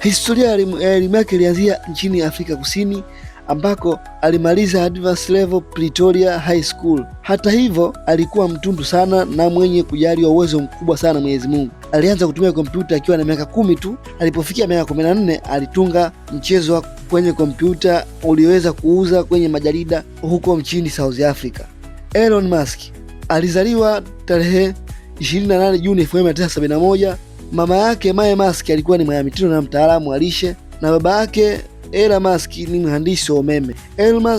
Historia ya elimu yake ilianzia nchini Afrika Kusini ambako alimaliza Advanced Level Pretoria High School. Hata hivyo, alikuwa mtundu sana na mwenye kujali uwezo mkubwa sana Mwenyezi Mungu. Alianza kutumia kompyuta akiwa na miaka kumi tu. Alipofikia miaka kumi na nne alitunga mchezo kwenye kompyuta uliweza kuuza kwenye majarida huko mchini South Africa. Elon Musk alizaliwa tarehe 28 Juni 1971 Mama yake Mae Maski alikuwa ni mwanamitindo na mtaalamu wa lishe na baba yake Ela Maski ni mhandisi wa umeme.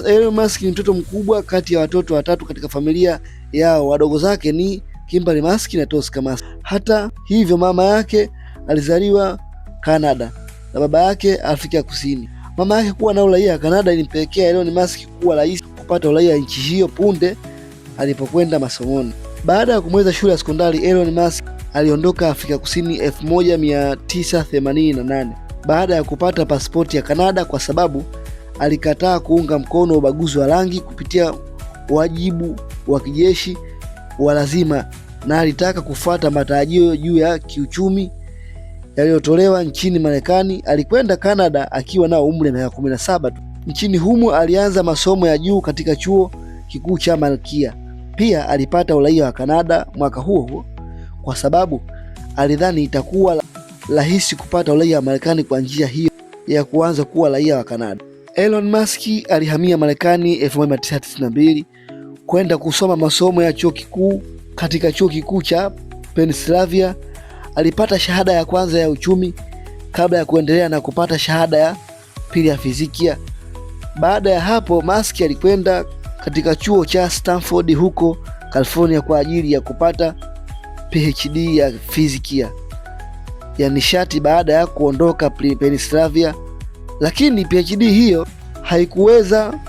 Ela Maski ni mtoto mkubwa kati ya watoto watatu katika familia yao. Wadogo zake ni Kimberly Maski na Tosca Maski. Hata hivyo, mama yake alizaliwa Kanada na baba yake Afrika Kusini. Mama yake kuwa na uraia Kanada ilimpelekea Elon Musk kuwa rahisi kupata uraia nchi hiyo punde alipokwenda masomoni. Baada ya kumweza shule ya sekondari, Elon Musk aliondoka Afrika Kusini 1988 baada ya kupata pasipoti ya Kanada kwa sababu alikataa kuunga mkono ubaguzi wa rangi kupitia wajibu wa kijeshi wa lazima na alitaka kufuata matarajio juu ya kiuchumi yaliyotolewa nchini Marekani. Alikwenda Kanada akiwa na umri wa miaka 17 tu. Nchini humo alianza masomo ya juu katika chuo kikuu cha Malkia. Pia alipata uraia wa Kanada mwaka huo huo kwa sababu alidhani itakuwa rahisi kupata uraia wa Marekani kwa njia hiyo ya kuanza kuwa raia wa Kanada. Elon Musk alihamia Marekani 1992 kwenda kusoma masomo ya chuo kikuu katika chuo kikuu cha Pennsylvania. Alipata shahada ya kwanza ya uchumi kabla ya kuendelea na kupata shahada ya pili ya fizikia. Baada ya hapo, Musk alikwenda katika chuo cha Stanford huko California kwa ajili ya kupata PhD ya fizikia ya nishati baada ya kuondoka Pennsylvania, lakini PhD hiyo haikuweza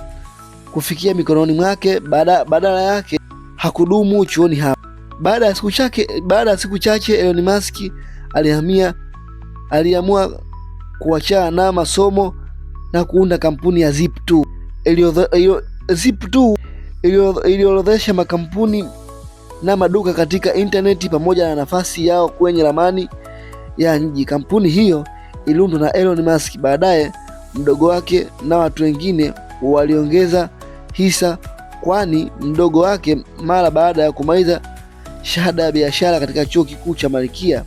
kufikia mikononi mwake. Badala yake hakudumu chuoni hapo. Baada ya siku chake, baada ya siku chache Elon Musk alihamia, aliamua kuachana na masomo na kuunda kampuni ya Zip2 iliyoorodhesha makampuni na maduka katika intaneti pamoja na nafasi yao kwenye ramani ya mji. Kampuni hiyo iliundwa na Elon Musk, baadaye mdogo wake na watu wengine waliongeza hisa, kwani mdogo wake mara baada ya kumaliza shahada ya biashara katika chuo kikuu cha Malkia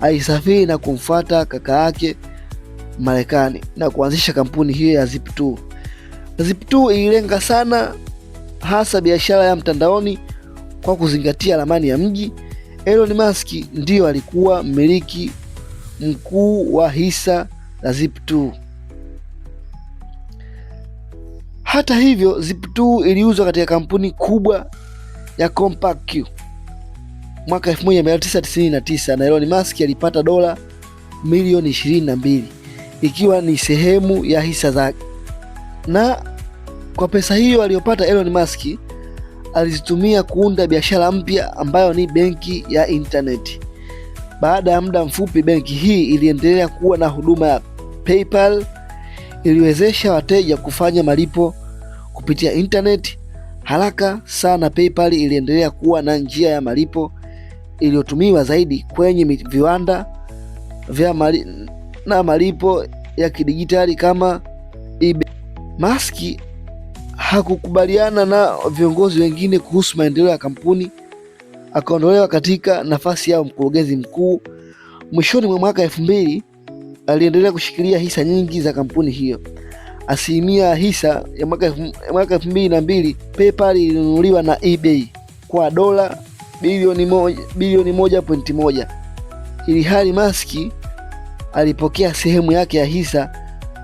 alisafiri na kumfuata kaka yake Marekani na kuanzisha kampuni hiyo ya Zip2. Zip2 ililenga sana hasa biashara ya mtandaoni kwa kuzingatia ramani ya mji, Elon Musk ndiyo alikuwa mmiliki mkuu wa hisa za Zip2. Hata hivyo, Zip2 iliuzwa katika kampuni kubwa ya CompaQ mwaka 1999 na Elon Musk alipata dola milioni 22 ikiwa ni sehemu ya hisa zake, na kwa pesa hiyo aliyopata Elon Musk alizitumia kuunda biashara mpya ambayo ni benki ya intaneti. Baada ya muda mfupi, benki hii iliendelea kuwa na huduma ya PayPal, iliwezesha wateja kufanya malipo kupitia intaneti haraka sana. PayPal iliendelea kuwa na njia ya malipo iliyotumiwa zaidi kwenye viwanda vya mali, na malipo ya kidijitali kama eBay. Maski hakukubaliana na viongozi wengine kuhusu maendeleo ya kampuni, akaondolewa katika nafasi ya mkurugenzi mkuu. Mwishoni mwa mwaka elfu mbili aliendelea kushikilia hisa nyingi za kampuni hiyo. Asilimia ya hisa ya mwaka elfu mbili na mbili PayPal ilinunuliwa na eBay kwa dola bilioni moja, bilioni moja pointi moja ili hali Maski alipokea sehemu yake ya hisa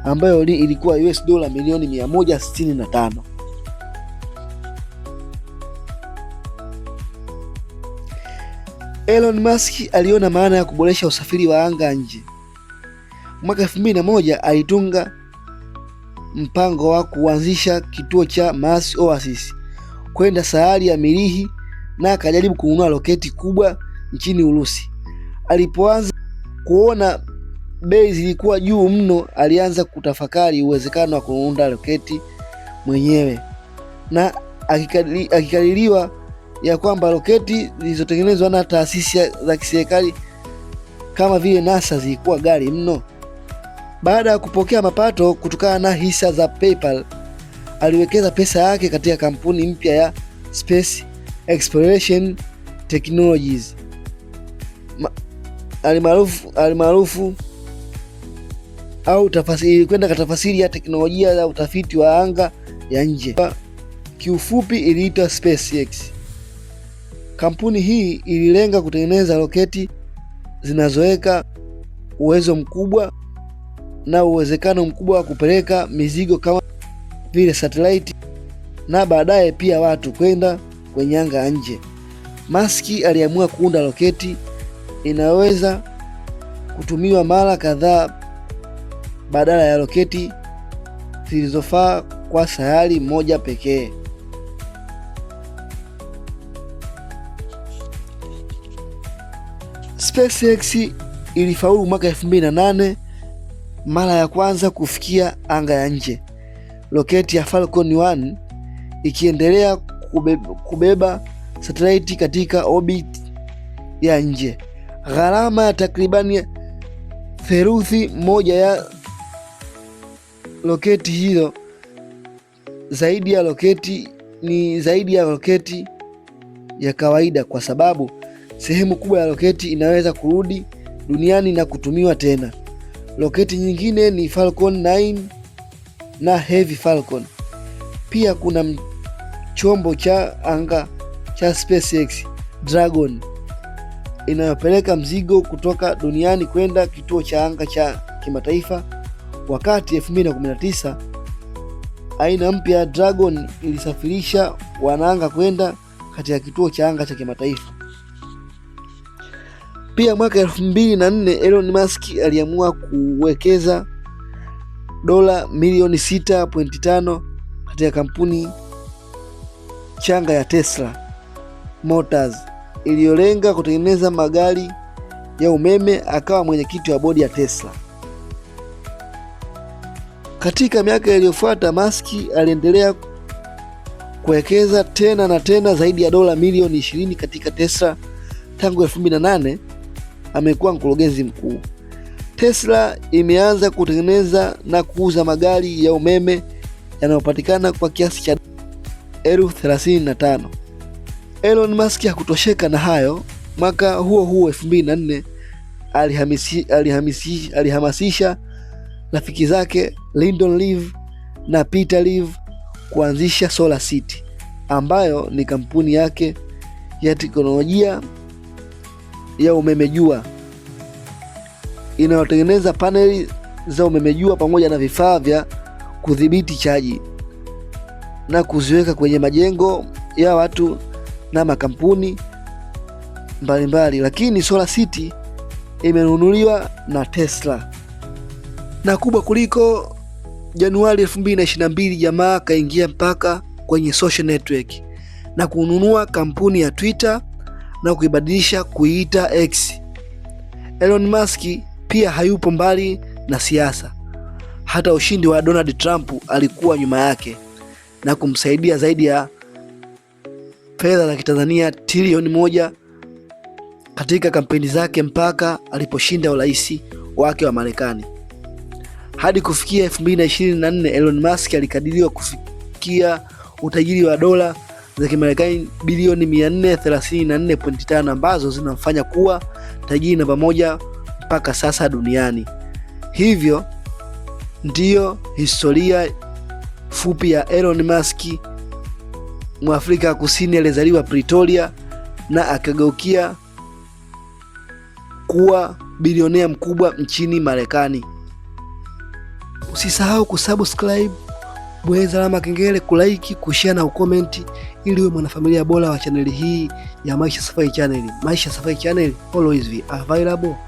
ambayo ilikuwa US dola milioni 165. Elon Musk aliona maana ya kuboresha usafiri wa anga nje. Mwaka moja alitunga mpango wa kuanzisha kituo cha Mars Oasis kwenda sayari ya Mirihi na akajaribu kununua roketi kubwa nchini Urusi. Alipoanza kuona bei zilikuwa juu mno, alianza kutafakari uwezekano wa kuunda roketi mwenyewe na akikadiriwa ya kwamba roketi zilizotengenezwa na taasisi za kiserikali kama vile NASA zilikuwa ghali mno. Baada ya kupokea mapato kutokana na hisa za PayPal, aliwekeza pesa yake katika kampuni mpya ya Space Exploration Technologies alimaarufu alimaarufu au ilikwenda tafasiri ya teknolojia ya utafiti wa anga ya nje, kiufupi iliitwa SpaceX. Kampuni hii ililenga kutengeneza roketi zinazoweka uwezo mkubwa na uwezekano mkubwa wa kupeleka mizigo kama vile satelaiti na baadaye pia watu kwenda kwenye anga ya nje. Musk aliamua kuunda roketi inaweza kutumiwa mara kadhaa badala ya roketi zilizofaa kwa sayari moja pekee. SpaceX ilifaulu mwaka 2008 mara ya kwanza kufikia anga ya nje, roketi ya Falcon 1 ikiendelea kubeba, kubeba satelaiti katika orbit ya nje. Gharama ya takribani theluthi moja ya roketi hiyo zaidi ya roketi ni zaidi ya roketi ya kawaida kwa sababu sehemu kubwa ya roketi inaweza kurudi duniani na kutumiwa tena. Roketi nyingine ni Falcon 9 na Heavy Falcon. Pia kuna chombo cha anga cha SpaceX Dragon inayopeleka mzigo kutoka duniani kwenda kituo cha anga cha kimataifa. Wakati 2019 aina mpya ya Dragon ilisafirisha wanaanga kwenda katika kituo cha anga cha kimataifa. Pia mwaka elfu mbili na nne Elon Musk aliamua kuwekeza dola milioni 6.5 katika kampuni changa ya Tesla Motors iliyolenga kutengeneza magari ya umeme. Akawa mwenyekiti wa bodi ya Tesla. Katika miaka iliyofuata, Musk aliendelea kuwekeza tena na tena zaidi ya dola milioni 20 katika Tesla tangu 2008 amekuwa mkurugenzi mkuu. Tesla imeanza kutengeneza na kuuza magari ya umeme yanayopatikana kwa kiasi cha elfu 35. Elon Musk hakutosheka na hayo. Mwaka huo huo 2004 alihamasisha rafiki zake Lyndon Live na Peter Live kuanzisha Solar City ambayo ni kampuni yake ya teknolojia ya umeme jua inayotengeneza paneli za umeme jua pamoja na vifaa vya kudhibiti chaji na kuziweka kwenye majengo ya watu na makampuni mbalimbali mbali. Lakini Solar City imenunuliwa na Tesla na kubwa kuliko. Januari 2022 jamaa akaingia mpaka kwenye social network na kununua kampuni ya Twitter na kuibadilisha kuiita X. Elon Musk pia hayupo mbali na siasa. Hata ushindi wa Donald Trump alikuwa nyuma yake na kumsaidia zaidi ya fedha za Kitanzania trilioni moja katika kampeni zake mpaka aliposhinda urais wake wa Marekani. Hadi kufikia 2024 Elon Musk alikadiriwa kufikia utajiri wa dola za Kimarekani bilioni 434.5 ambazo zinamfanya kuwa tajiri namba moja mpaka sasa duniani. Hivyo ndiyo historia fupi ya Elon Musk, Mwafrika Kusini aliyezaliwa Pretoria na akageukia kuwa bilionea mkubwa nchini Marekani. Usisahau kusubscribe bweza alama kengele, kulaiki kushare na ukomenti ili uwe mwanafamilia bora wa chaneli hii ya Maisha Safari Channel. Maisha Safari Channel always available.